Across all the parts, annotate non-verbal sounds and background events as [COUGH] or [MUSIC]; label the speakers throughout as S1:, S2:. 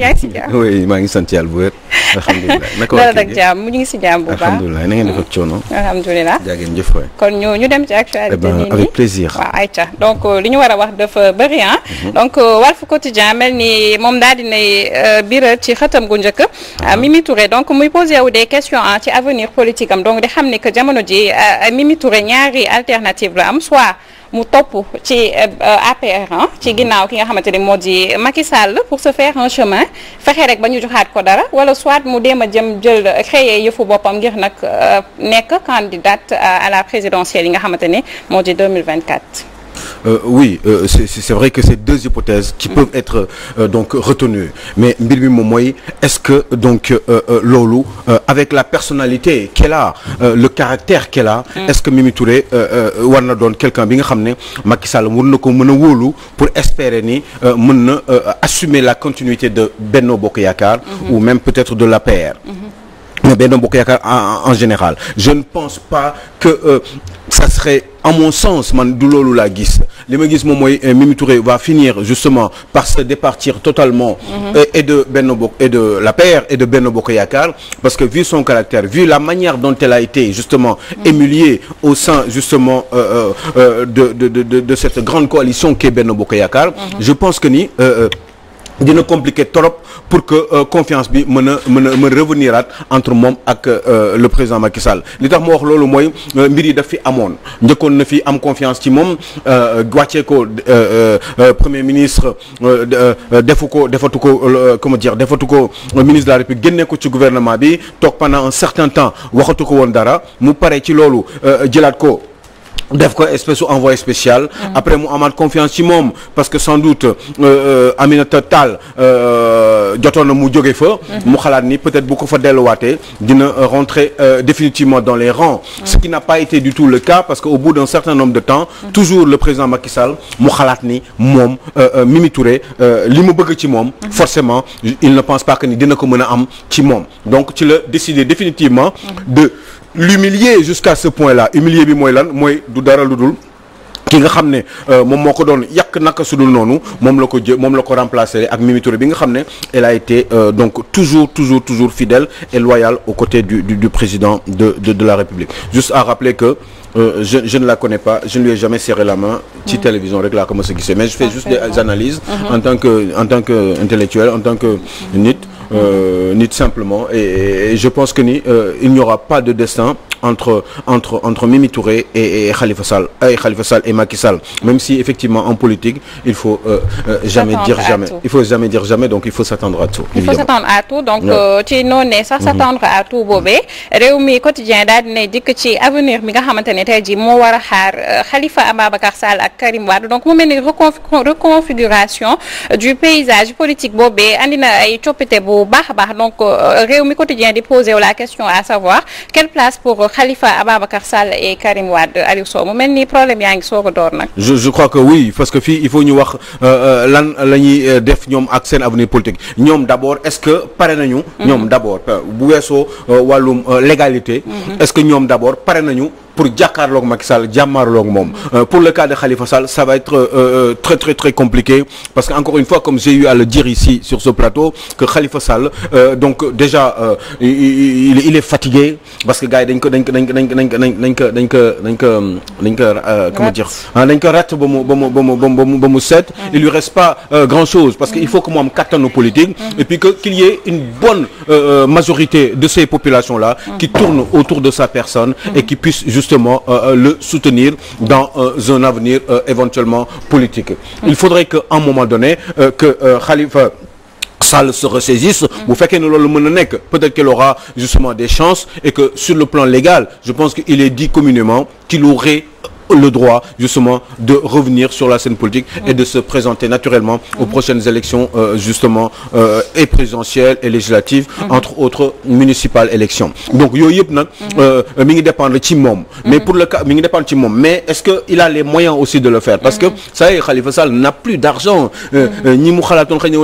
S1: yaa ngi si jàmm
S2: oui maa ngi sant yàlla bu wér. [LAUGHS] alhamdulilah naka la ak
S1: ñu ngi si jàmm bu baax
S2: alhamdulilah na ngeen def ak coono.
S1: alhamdulilah
S2: jaageen jëf waay.
S1: kon ñu dem ci actualité eh nii avec plaisir. waaw donc euh, li ñu war a wax dafa bëri ah. Mhm. donc euh, Walf Quotidien mel ni moom daal di nay euh, biral ci xëtam gu njëkk. Ah. mi Touré donc muy posé wu des questions ah, ci avenir politique am donc di xam ne que jamono ji Mimi Touré ñaari alternative la am soi mu topp ci euh, APR ah, ci mhm. ginnaaw ki nga xamante ni moo di Macky Sall pour sa faire un chemin fexe rek ba ñu joxaat ko dara wala soit mu dem a jëm jël créer yëfu boppam ngir nag euh, nekk candidate à la présidentielle yi nga xamante ni moo di 2024
S2: Euh, oui euh, c'est c'est vrai que c'est deux hypothèses qui peuvent être euh, donc retenues mais mbir mi moom mooy est-ce que donc loolu avec la personnalité qu'elle a le caractère qu'elle a mm. est-ce que Mimi Touré war na doon quelqu'un bi nga xam ne Macky Sall war na ko mën a wóolu pour espérer ni mën na assumer la continuité de Benno Bokk Yaakaar mm-hmm. ou même peut-être de la l'APR mm-hmm. Benno Bokk Yaakaar en général je ne pense pas que euh, ça serait à mon sens man du loolu laa gis li ma gis moom mooy euh, Mimi Touré va finir justement par se départir totalement mm -hmm. et, euh, et de Benno Bokk et de l'APR et Bokk Yaakaar parce que vu son caractère vu la manière dont elle a été justement émulée mhm. au sein justement euh, euh, euh, de, de de de de cette grande coalition qu'est Benno Bokk Yaakaar mm je pense que ni dina compliqué trop pour que euh, confiance bi mën a mën a mën revenir aat entre moom ak euh, le président Macky Sall li tax ma wax loolu mooy euh, mbir yi daf fi amoon njëkkoon na fi am confiance ci moom wàccee ko premier ministre defu ko defatu ko comment dire defatu ko ministre de la République génne ko ci gouvernement bi toog pendant un certain temps waxatu ko woon dara mu pare ci loolu jëlaat ko def ko espèce ou envoyé spécial mm. après mu amaat confiance ci moom parce que sans doute euh, euh, Aminata Tall euh, jotoon na mu jóge fa mm-hmm. mu xalaat ni peut-être bu ko fa delluwaatee dina rentrer définitivement dans les rangs mm. ce qui n'a pas été du tout le cas parce que au bout d'un certain nombre de temps mm. toujours le président Macky Sall mu xalaat ni moom Mimi Touré li mu bëgg ci moom mm-hmm. forcément il ne pense pas que ni dina ko mën a am ci moom donc ci la décider définitivement mm-hmm. de l'humilier jusqu'à ce point-là humilier bi mooy lan mooy du dara lu dul ki nga xam ne euh, moom moo ko doon yàq naka su dul noonu moom la ko jë moom la ko remplacé ak Mimi bi nga xam ne elle a été euh, donc toujours toujours toujours fidèle et loyale aux côtés du du, du président de, de de la République juste à rappeler que euh, je je ne la connais pas je ne lui ai jamais serré la main. ci mmh. télévision rek laa ko mës mais juste des analyses. Mm-hmm. en tant que en tant que intellectuel en tant que Euh, nit simplement et, je pense que ni euh, il n'y pas de destin entre entre entre Mimi Touré et et Khalifa Sall ay euh, Khalifa Sall et Macky Sall même si effectivement en politique il faut jamais dire jamais il faut jamais dire jamais donc il faut s'attendre à tout il
S1: faut donc ci noonu ne sax mhm. s'attendre à tout boobee réew mi quotidien daal dina dikk ci avenir mi nga xamante ne tey ji moo war a xaar Khalifa Ababacar Sall ak Karim Wade donc mu mel reconfiguration du paysage politique boobee andi ay coppite bu baax a baax donc euh, réew mi quotidien di poser la question à savoir quelle place pour Khalifa Ababacar Sall et Karim Wade Aliou mu mel ni problème yaa ngi soog a door nag.
S2: je crois que oui parce que fii il faut ñu wax euh, euh, lan la def ñoom ak seen avenir politique ñoom d' abord est ce que pare nañu. Mm-hmm. ñoom d' abord bu weesoo wàllum légalité. Mm-hmm. est ce que ñoom d' pare nañu. pour jàkkaarloog Macky Sall jàmmaarloog moom euh, pour le cas de Khalifa Sall ça va être euh, euh, très très très compliqué parce que encore une fois comme j'ai eu à le dire ici sur ce plateau que Khalifa Sall euh, donc déjà il, est fatigué parce que gars yi ko dañ ko dañ ko dañ ko dañ ko dañ ko dañ dire ah, dañ rat ba mu il lui reste pas grand chose parce que faut que mu am kattanu politique et qu'il y ait une bonne majorité de ces populations là qui tournent autour de sa personne et qui puissent justement euh, euh, le soutenir dans euh, un avenir éventuellement politique. Il faudrait qu'à un moment donné que Khalifa Sall se ressaisisse bu fekkee ne loolu mën a nekk peut-être qu'il aura justement des chances et que sur le plan légal je pense qu'il est dit communément qu'il aurait le droit justement de revenir sur la scène politique et de se présenter naturellement aux mhm. prochaines élections euh, justement euh, et présidentielles et législatives mhm. entre autres municipales élections donc yooyu yëpp nag mhm. euh, mi ngi dépendre ci moom mais pour le mi ngi dépendre ci moom mais est-ce que il a les moyens aussi de le faire parce que ça Khalifa Sall n'a plus d'argent euh, euh, ñi mu xalaatoon xëy na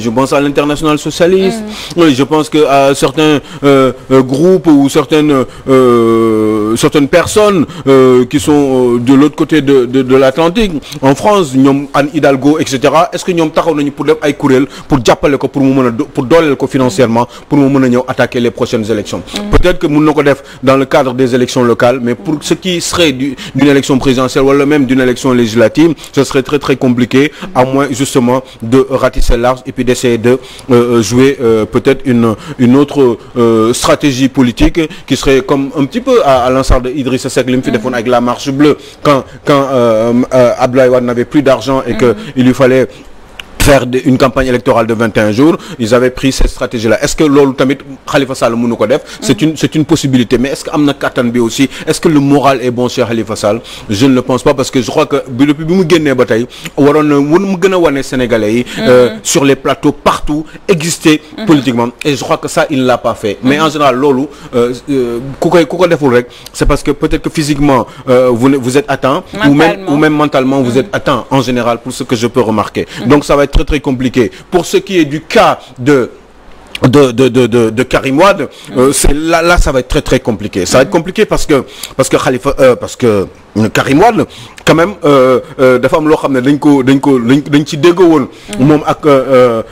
S2: je pense à l'international socialiste je pense que à certains euh, groupes ou certaines certaines personnes sont euh, de l'autre côté de l'Atlantique en France ñoom Anne Hidalgo et est-ce que ñoom taxaw nañu pour def ay kuréel pour jàppale ko pour a pour dooleel ko financièrement a mm. peut-être que mën na dans le cadre des élections locales mais pour ce qui serait d'une élection présidentielle wala même d'une élection législative ce serait très compliqué à moins justement de ratisser large et d'essayer de euh, euh, jouer peut-être une autre stratégie politique bleue quand quand euh, euh, Abdoulaye Wade n'avait plus d'argent et mm. que il lui fallait faire une campagne électorale de 21 jours ils avaient pris cette stratégie là est-ce que loolu tamit Khalifa Sall mënu c'est une possibilité mais est-ce que am aussi est-ce que le moral est bon chez Khalifa Sall je ne le pense pas parce que je crois que bi depuis bi mu mhm. euh, sur les plateaux partout exister mhm. politiquement et je crois que ça il ne l'a pas fait mais mhm. en général loolu euh, euh, ku koy c'est peut-être que physiquement vous très très compliqué. Pour ce qui est du cas de de de de de de Karim Wade, euh, c'est là là ça va être très compliqué. Ça va être compliqué parce que parce que Khalifa euh, parce que Karim Wade euh, euh, dafa am loo xam ne dañ ko dañ ko dañ ci déggoo woon. Mm-hmm. moom ak euh,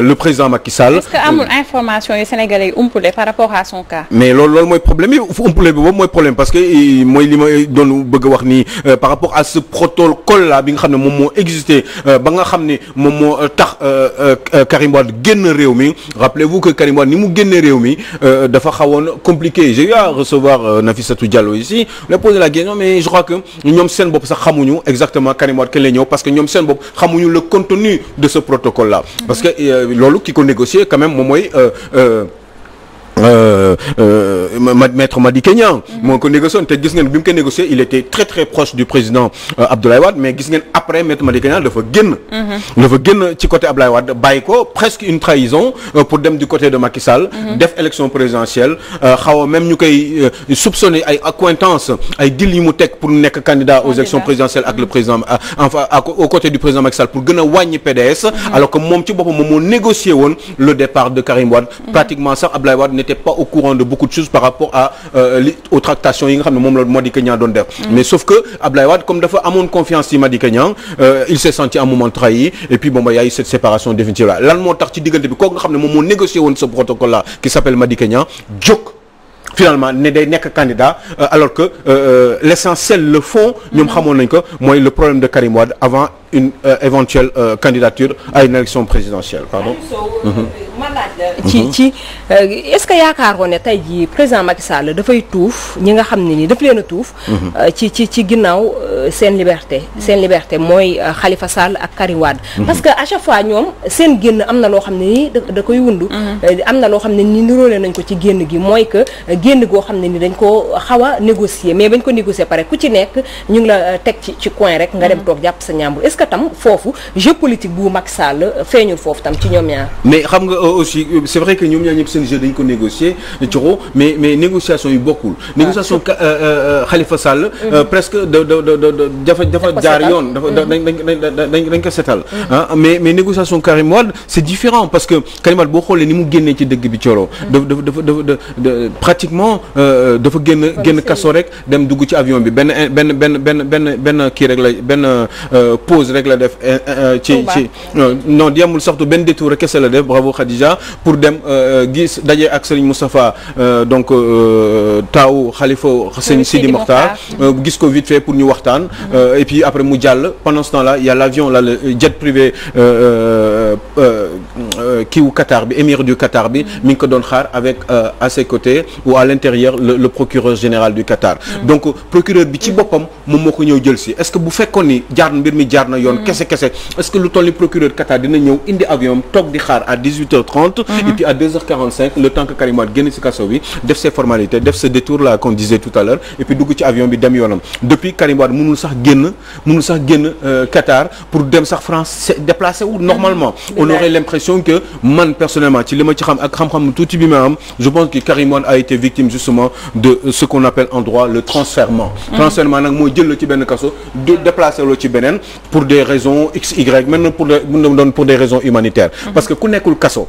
S2: le président Macky Sall. est-ce
S1: que yi umpule par rapport à son cas.
S2: mais loolu loolu mooy problème yi umpule bi boobu mooy problème parce que mooy li may doon bëgg a wax nii par rapport à ce protocole là bi nga xam ne moom moo existé ba nga xam ne moom moo tax Karim Wade génn réew mi rappelez-vous que Karim ni mu génne réew mi dafa xawoon compliqué j'ai eu à recevoir Nafissatou Diallo ici on a posé la question mais que ñoom seen bopp sax xamuñu exactement Karim Wade kañ lay ñëw parce que ñoom seen bopp xamuñu le contenu de ce protocole là parce que euh, loolu ki ko négocier quand même moom euh, euh, Euh, euh, maître Madické Niang moo ko négocié te gis ngeen bi mu ko négocié il était très très proche du président euh, Abdoulaye Wade mais gis ngeen après maître Madické Niang dafa génn mhm. dafa génn ci côté Abdoulaye Wade bàyyi ko presque une trahison pour dem du côté de Macky mhm. def élection présidentielle xaw a même ñu koy soupçonner ay accointances ay deal yi mu teg pour nekk candidat aux élections présidentielles ak le président enfin au côté du président Macky pour a n'était pas au courant de beaucoup de choses par rapport euh, aux tractations yi nga xam ne moom la Madické Niang doon def mm. mais sauf que Abdoulaye Wade comme dafa amoon confiance ci Madické Niang euh, il s'est senti un moment trahi et puis bon bah y a eu cette séparation définitive là lan moo tax ci diggante bi kooku nga xam ne moom moo négocié ce protocole là qui s'appelle Madické Niang jóg finalement ne day nekk candidat euh, alors que l'essentiel le fond xamoon nañ ko mooy le problème de Karim une euh, éventuelle euh, candidature à une élection présidentielle mhm.
S3: euh, ci mhm. est-ce que yaakaaroon ne tey ji président Macky Sall dafay tuuf ñi nga xam ne nii daf leen a tuuf. Mhm. ci ci ci ginnaaw seen liberté. seen liberté mooy Khalifa Sall ak Karim Wade. parce que à chaque fois ñoom seen génn na loo xam ne da koy loo xam ne nii ci génn gi mooy que génn goo xam ne ni dañ ko xaw a négocier mais bañ ko négocier pare ku ci nekk ñu ngi la teg ci coin rek nga dem toog jàpp sa ñaambur que tam foofu jeu politique bu Macky Sall feeñul foofu tam ci ñoom ñaar.
S2: mais xam nga euh, aussi euh, c'est vrai que ñoom ñaar ñëpp seen jeu dañ ko négocier euh, Thioro mais négociation yi ah, mm-hmm. da da da da dafa dafa jaar yoon. dafa mm-hmm. dañ dañ dañ ko mm-hmm. ah, c'est différent parce que Karim boo xoolee ni mu génnee ci dëgg bi Thioro. dafa dafa dafa pratiquement dafa génn génn kaso rek dem dugg ci avion bi benn benn benn benn benn benn kii rek la def euh, euh, euh, ci ci non yemul sax du benn détour kese la def bravo Khadija pour dem gis daje ak Serigne Moustapha donc taaw xalifa Serigne Sidi Mokhtar gis ko vite fait pour ñu waxtaan mm-hmm. et puis après mu jàll pendant ce temps là y a l'avion là jet privé Euh, euh, kiiw Qatar bi émir du Qatar bi mi ngi ko doon xaar avec euh, à ses côtés ou à l'intérieur le, le procureur général du Qatar mm. donc procureur bi ci boppam moom moo ko ñëw jël si est-ce que bu fekkoon ni jaar mbir mi jaar na yoon mm. kese kese est-ce que lu toll ni procureur Qatar dina ñëw indi avion toog di xaar à 18h30 mm-hmm. et puis à le temps que génn si kaso bi def ses formalités def ce détour là qu'on disait tout à l'heure et puis dugg ci avion bi dem yoonam depuis sax génn mënul sax génn Qatar dem sax France déplacé wu normalement on aurait l'impression que man personnellement ci li ma ci xam ak xam-xam tuuti bi ma am je pense que Karim a été victime justement de ce qu'on appelle en droit le transfèrement mhm. transfèrement nag mooy jël la ci benn kaso déplacé la ci beneen pour des raisons x y maintenant pour des mu doon pour des raisons humanitaires mhm. parce que ku nekkul kaso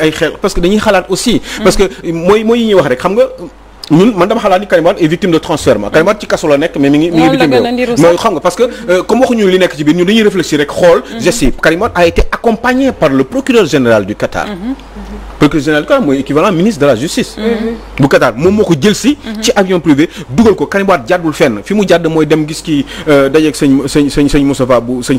S2: ay xeex parce que dañuy xalaat aussi. parce que mooy mooy yi ñuy wax rek xam nga. ñun man dama xalaat ni Karim Wade victime de transfert ma ci kaso la nekk mais mi ngi mi ngi mais xam nga parce que euh, comme waxuñu li nekk ci biir ñun dañuy réfléchir rek xool mhm. geste yi a été accompagné par le procureur général du Qatar mhm. Mhm. procureur général du Qatar mooy équivalent ministre de la justice bu Qatar moom moo ko jël ci avion privé dugal ko Karim jàddul fenn fi mu jàdd mooy dem gis ki euh, dajeeg sëñ sëñ bu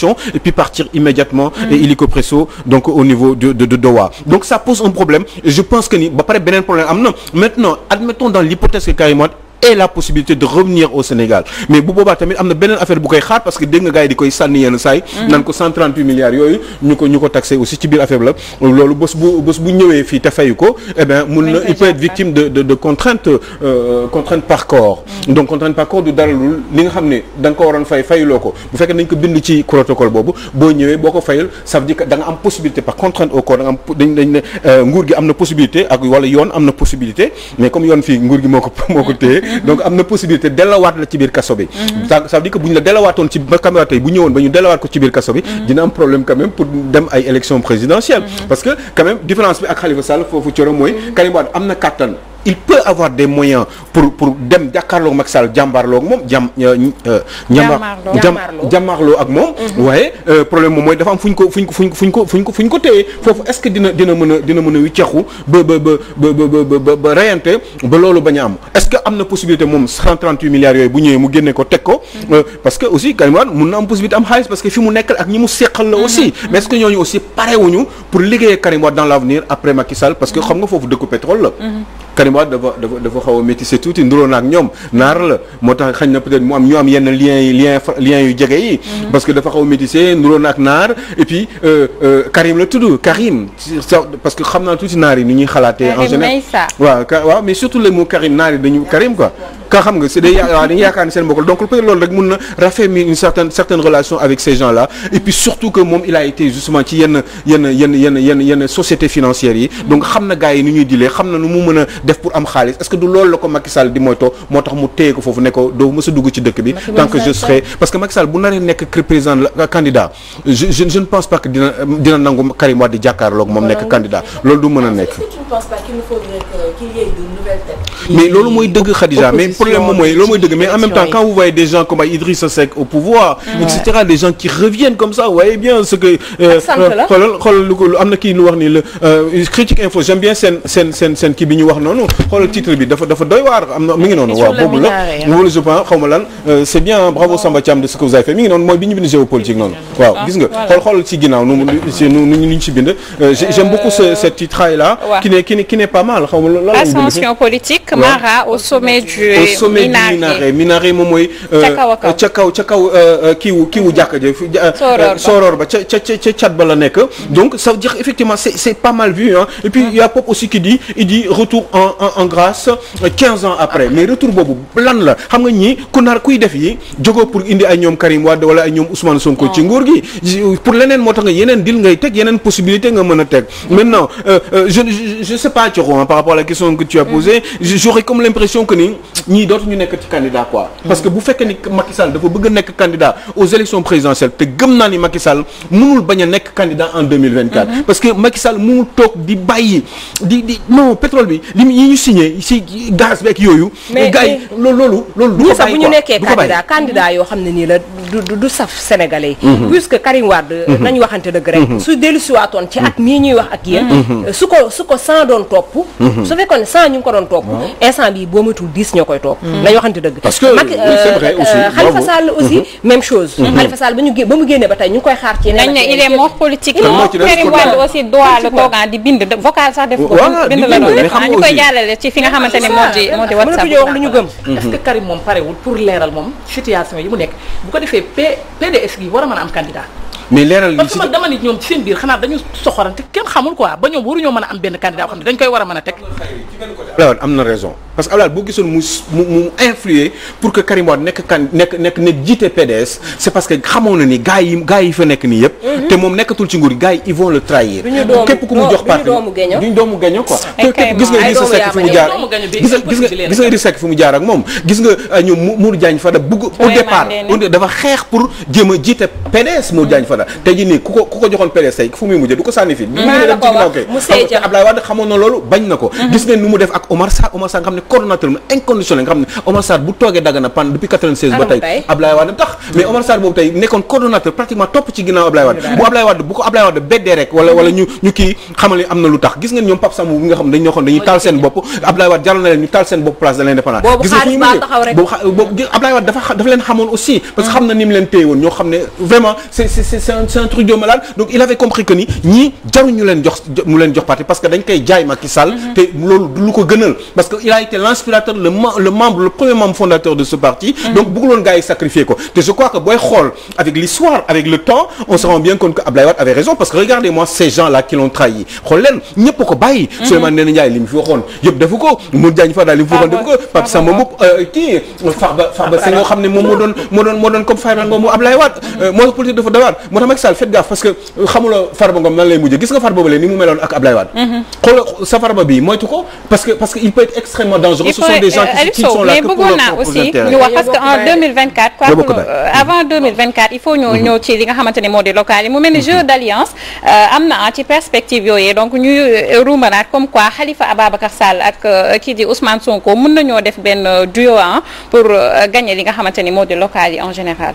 S2: sëñ immédiatement mm. et illico presso donc au niveau de de Doha donc ça pose un problème je pense que ni ba pare beneen problème am na maintenant admettons dans l'hypothèse que Karim Wade et la possibilité de revenir au Sénégal mais bu boobaa tamit am na beneen affaire bu koy xaar parce que dégg nga gars yi di koy sànni yenn saay mhm. nan ko 138 milliards yooyu ñu ko ñu ko taxé aussi ci biir affaire la loolu bés bu bu ñëwee fii te fayu ko eh bien mun na il peut être victime de de de euh, euh, mhm. donc contrainte par du dara lu li nga xam ne danga ko waroon fay fayuloo ko bu fekkee nañ ko bind ci protocole boobu boo ñëwee boo ko fayul ça veut dire que da am possibilité par contrainte au corps da nga euh, gi am na possibilité ak wala am na possibilité mais comme yoon fii nguur gi ko moo donc am na possibilité dellawaat la ci biir kaso bi mhm. ça veut dire que bu ñu la dellawaatoon ci caméra tey bu ñëwoon ba ñu dellawaat ko ci biir kaso bi mhm. dina am problème quand même pour dem ay élection présidentielle mhm. parce que quand même différence bi ak Khalifa Sall foofu coro mooy Karim Wade am na kàttan il peut avoir des moyens pour pour dem jàkkaarloog Macky Sall jàmbaarloog moom jàmm. jàmbaarloo jàmbaarloo ak moom. waaye problème moom mooy dafa am fu ñu ko fu ñu ko fu ñu ko fu ko fu ko téye foofu est-ce que dina dina mën a dina mën a wiccaxu ba ba ba ba ba ba reyante ba loolu bañ a am est-ce que am na possibilité moom 138 milliards yooyu bu ñëwee mu génne ko teg ko. Mhm. Euh, parce que aussi Karim mun na am possibilité am xaalis parce que fi mu nekk ak ñi mu seqal la mhm. aussi. Mhm. mais est que ñooñu aussi Karim Wade dafa dafa dafa xaw a métissé tuuti nduróo naag ñoom naar la moo tax xañ na peut-être mu am ñu am yenn lien yu jege yi mhm. parce que dafa xaw a métissé nduróo naag naar et puis euh, euh, Karim la tudd xam yi ni ñuy xalaatee en général waaw mais surtout le mot Karim naar yi dañu Karim quoi ka xam nga c'est des yaakaar ni seen mbokk donc loolu rek mun na raffermir une certaine relation avec ces gens là et puis surtout que moom il a été justement ci yenn société financières def pour am xaalis est-ce que du loolu la ko Macky Sall di moytoo moo tax mu téye ko foofu ne doo mës a dugg ci dëkk bi tant que je serai parce que Macky bu naree nekk président euh, candidat je je ne pense pas que dina dina nangu Karim Wade di jàkkaarloog moom nekk candidat loolu du mën a nekk mais loolu mooy dëgg Khadija mais problème moom mooy loolu mooy dëgg mais en même quand vous voyez des gens comme ay Idrissa Seck au pouvoir et des gens qui reviennent comme ça vous voyez ce que euh, xoolal xoolal lu ko am na kii lu wax ni la euh, critique info j'aime bien seen seen seen seen kii bi wax noonu xoolal titre bi dafa ngi noonu waaw la euh, bien bravo oh. Samba de ce que vous avez fait mi ngi noonu mooy bi ñu bind géopolitique noonu ah, waaw gis nga j'aime beaucoup ce titre là qui n'est pas mal xaw ma lan ascension
S1: nekk Mara au sommet du. au sommet du minaret
S2: minaret moom mooy. ca kaw ca kaw kiiwu kiiwu jàkka jëf. Euh, soror ba ca ca ca cat ba la nekk. donc ça veut dire effectivement c'est c'est pas mal vu hein et puis y a Pop aussi qui dit il dit retour en grâce 15 euh, ans après mais retour boobu lan la xam nga ñi ku nar kuy def yi jógoo pour indi ay ñoom Karim Wade wala ay ñoom Ousmane Sonko ci ah. nguur gi pour leneen moo tax nga yeneen dil ngay teg yeneen possibilité nga mën a teg maintenant euh, je je sais pas Thioro par rapport j'aurais comme l'impression que ni ñii dootuñu nekk ci candidat quoi hmm. parce que bu fekkee ni Macky dafa bëgg a nekk candidat aux élections présidentielles te gëm naa ni Macky Sall bañ a nekk candidat en hmm. parce que Macky Sall toog di bàyyi di di non pétrole bi li ñu signé si gaz beeg yooyu gars yi loolu loolu du ko bàyyi quoi du ko bàyyi candidat
S3: yoo xam ne nii la du du saf sénégalais yi mhm. puisque Karim Wade mhm. nañ waxante dëgg rek mhm. su dellusiwaatoon ci at mii ñuy wax ak yéen euh, su ko su ko cent doon topp su fekkoon cent ñu ngi ko doon topp instant waxante dëgg parce que euh, euh, ba ñu ba mu génnee ba tey ñu ngi koy xaar ci dañ ne il est mort politique Karim Wade di bind vocal sax def ko bind la doon def ñu koy jàllale ci fi nga xamante ne moo di moo a WhatsApp mënatuñoo wax lu
S2: ñu gëm est que
S3: Karim moom parewul pour leeral moom situation P PDS gi war a mën a am candidat
S2: mais leeral parce que man
S3: dama nit ñoom ci seen biir xanaa dañu soxorante kenn xamul quoi ba ñoom waruñoo mën a am benn candidat boo xam ne dañ koy war a mën a teg.
S2: Abdoulaye am na raison parce que Abdoulaye boo ni gars yi gars yi fa gis nga Idrissa Seck fi mu jaar ak moom gis nga euh, ñoom Mour Diagne Fada bëgg au départ dafa xeex pour a jiite PDS Mour Diagne Fada Fada tey nii ku ko ku ko joxoon PDS fu muy mujjee du ko sànni fii. maa mhm. mu mhm. see dafa leen xamoon aussi parce que mhm. xam na ni leen téye woon ñoo xam ne vraiment c'est un c'est donc il avait compris que ni ñii jaru ñu leen jox parti parce que dañ koy jaay Macky Sall. Mhm. te loolu du lu ko gënal parce que il a été l'inspirateur le membre le premier membre fondateur de ce parti. Mhm. donc bëgguloon gars yi sacrifier ko te je crois que booy xool avec l'histoire avec le temps on se rend bien compte que Ablaye avait raison parce que regardez-moi ces gens-là qui l'ont trahi xool leen ñëpp ko bàyyi. Mhm. Souleymane Ndéné Ndiaye li mu moo tax Macky Sall faites gaffe parce que euh, xamuloo Farba Ngom nan lay nga Farba mu meloon ak mhm. sa Farba bi moytu ko parce que il peut être extrêmement dangereux. ce sont des gens sont là que pour leurs propres intérêts ñu wax en
S1: 2024. quoi euh, avant il faut ñoo mhm. ñëw li nga xamante ne moo di mu mel ni mhm. jeu d'alliance euh, am na ah ci perspective yooyu donc ñuy rumbanaat comme quoi Khalifa Ababacar Sall ak kii di Ousmane Sonko mën nañoo def benn duo pour gagner li nga xamante ni moo di local yi en général.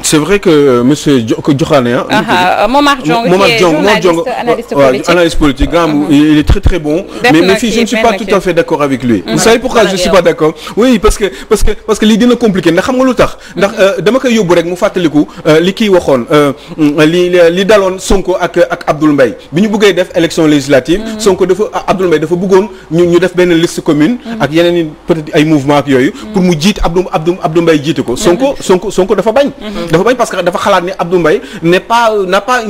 S2: Euh, Momar Diongue qui est analyste politique il est très très bon mais mais fii je ne suis pas tout à fait d'accord avec lui vous savez pourquoi je ne suis pas d'accord oui parce que parce que parce dina compliqué ndax xam nga lu tax ndax euh, dama koy yóbbu rek mu fàttaliku euh, li kii waxoon li daloon Sonko ak ak mbay Mbaye bi ñu bëggee def élection législative Sonko dafa Abdoul Mbaye dafa bëggoon ñu def benn liste commune ak yeneen i peut-être ay mouvement ak yooyu pour mu jiit Abdou Abdou Abdoul Mbaye ko Sonko Sonko Sonko dafa bañ dafa bañ parce que dafa xalaat ni Abdoul Mbaye n'est n'a pas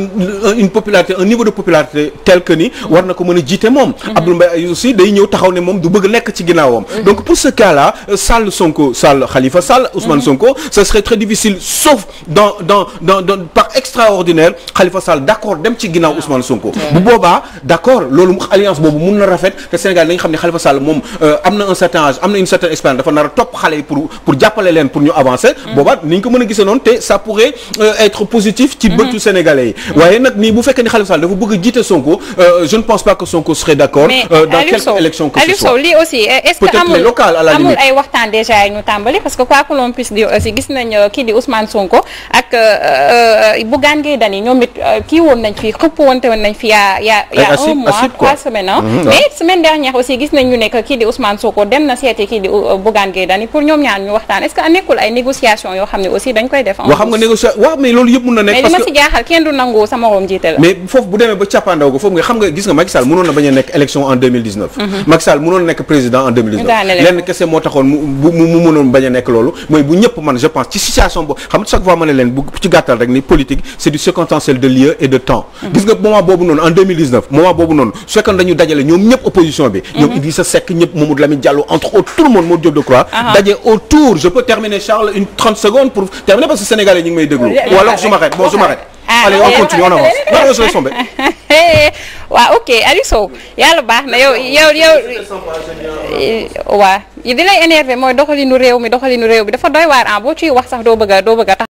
S2: une popularité un niveau de popularité tel que ni war ko mën a jiite moom mhm. Abdoul Mbaye aussi day ñëw taxaw ne moom du bëgg nekk ci ginnaawam mhm. donc pour ce cas là euh, Sall Sonko Sall Khalifa Sall Ousmane mhm. Sonko ça serait très difficile sauf dans dans dans par extraordinaire Khalifa Sall d'accord dem ci ginnaaw ah. Ousmane Sonko bu boobaa d'accord loolu alliance boobu mun na rafet te Sénégal dañu xam ne Khalifa Sall moom euh, am na un certain âge am na une a mm. a gisee sénégalais yi. waaye nag nii bu fekkee ni Khalifa Sall dafa bëgg a jiite Sonko euh, je ne pense pas que Sonko serait d'accord. Euh, dans quelque élection que ce soit mais Aliou Sow lii
S1: aussi est-ce que amul amul ay waxtaan déjà ñu tàmbali parce que quoi que l'on puisse dire aussi gis nañ euh, kii di Ousmane Sonko ak Bougane Gueye Dany ñoom it kii woon nañ fi xëpp woon woon nañ fi yaa yaa yaa un mois trois semaines ah mais semaine dernière aussi gis nañ ñu nekk kii di Ousmane Sonko dem na seeti kii di Bougane Gueye Dany pour ñoom ñaar ñu waxtaan est-ce que nekkul ay négociation yoo xam ne aussi dañ koy def
S2: waaw xam nga négociation waaw mais loolu yëpp mën na nekk parce
S1: que kenn du nangu sama morom jiite la. mais
S2: foofu bu demee ba cappaandaw ga foofu nga xam nga gis nga Macky Sall mënoon na bañ a nekk élection en 2019. Mhm. Macky Sall mënoon na nekk président en 2019. lenn kese moo taxoon mu mu mënoon bañ a nekk loolu mooy bu ñëpp man je pense ci situation boobu xam nga chaque fois ma ne leen bu ci gàttal rek ni politique c'est du circonstanciel de lieu et de temps. Mhm. gis nga moment boobu noonu en 2019 moment boobu noonu su fekkoon dañu dajale ñoom ñëpp opposition bi. Mhm. ñoom Idrissa Seck ñëpp Mamadou Lamine Diallo entre autres tout le monde Mamadou Diop Decroix. daje autour je peux terminer Charles une 30 secondes pour terminer parce que sénégalais ñu ngi may déglu. wala su ma xet bon su ma xet Ah, allez on continue on avance non non je laisse tomber [LAUGHS]
S1: eh, eh, waaw ok Aliou Sow yàlla baax na yow yow yow waaw di lay énervé mooy doxalinu réew mi doxalinu réew bi dafa doy waar ah boo ciy wax sax doo bëgg a doo bëgg a tax